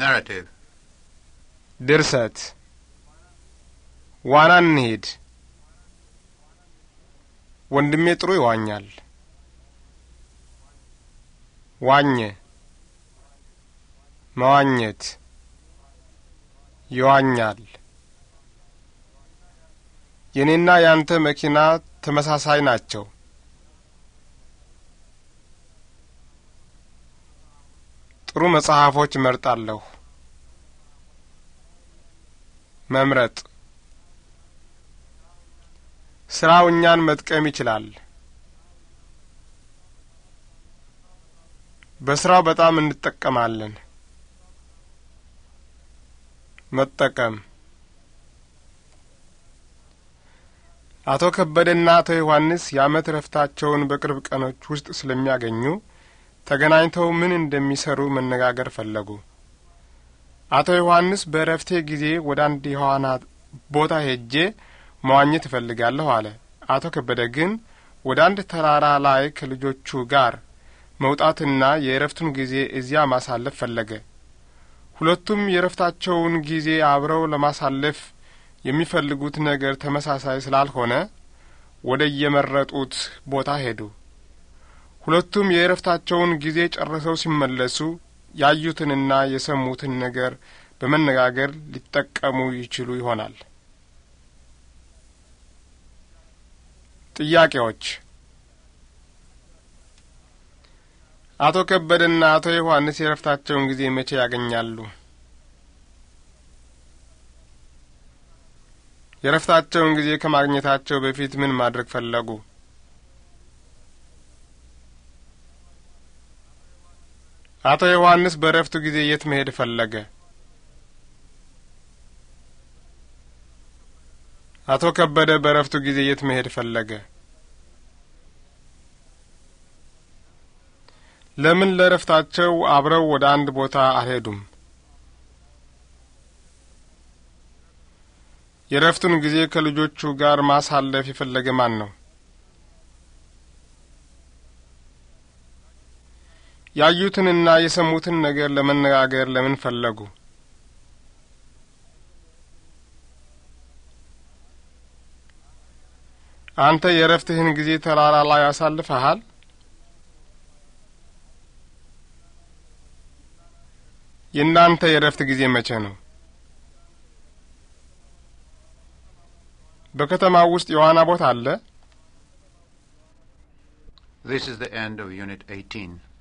ናራቲቭ ድርሰት ዋና እንሄድ። ወንድሜ ጥሩ ይዋኛል። ዋኘ፣ መዋኘት፣ ይዋኛል። የኔና ያንተ መኪና ተመሳሳይ ናቸው። ጥሩ መጽሐፎች እመርጣለሁ። መምረጥ ስራው እኛን መጥቀም ይችላል። በስራው በጣም እንጠቀማለን። መጠቀም አቶ ከበደና አቶ ዮሐንስ የዓመት እረፍታቸውን በቅርብ ቀኖች ውስጥ ስለሚያገኙ ተገናኝተው ምን እንደሚሰሩ መነጋገር ፈለጉ። አቶ ዮሐንስ በእረፍቴ ጊዜ ወደ አንድ የዋና ቦታ ሄጄ መዋኘት እፈልጋለሁ አለ። አቶ ከበደ ግን ወደ አንድ ተራራ ላይ ከልጆቹ ጋር መውጣትና የእረፍቱን ጊዜ እዚያ ማሳለፍ ፈለገ። ሁለቱም የእረፍታቸውን ጊዜ አብረው ለማሳለፍ የሚፈልጉት ነገር ተመሳሳይ ስላልሆነ ወደ የመረጡት ቦታ ሄዱ። ሁለቱም የእረፍታቸውን ጊዜ ጨርሰው ሲመለሱ ያዩትንና የሰሙትን ነገር በመነጋገር ሊጠቀሙ ይችሉ ይሆናል። ጥያቄዎች አቶ ከበደና አቶ ዮሐንስ የእረፍታቸውን ጊዜ መቼ ያገኛሉ? የእረፍታቸውን ጊዜ ከማግኘታቸው በፊት ምን ማድረግ ፈለጉ? አቶ ዮሐንስ በእረፍቱ ጊዜ የት መሄድ ፈለገ? አቶ ከበደ በእረፍቱ ጊዜ የት መሄድ ፈለገ? ለምን ለእረፍታቸው አብረው ወደ አንድ ቦታ አልሄዱም? የእረፍቱን ጊዜ ከልጆቹ ጋር ማሳለፍ የፈለገ ማን ነው? ያዩትንና የሰሙትን ነገር ለመነጋገር ለምን ፈለጉ? አንተ የእረፍትህን ጊዜ ተራራ ላይ ያሳልፈሃል? የእናንተ የእረፍት ጊዜ መቼ ነው? በከተማ ውስጥ የዋና ቦታ አለ? This is the end of Unit 18.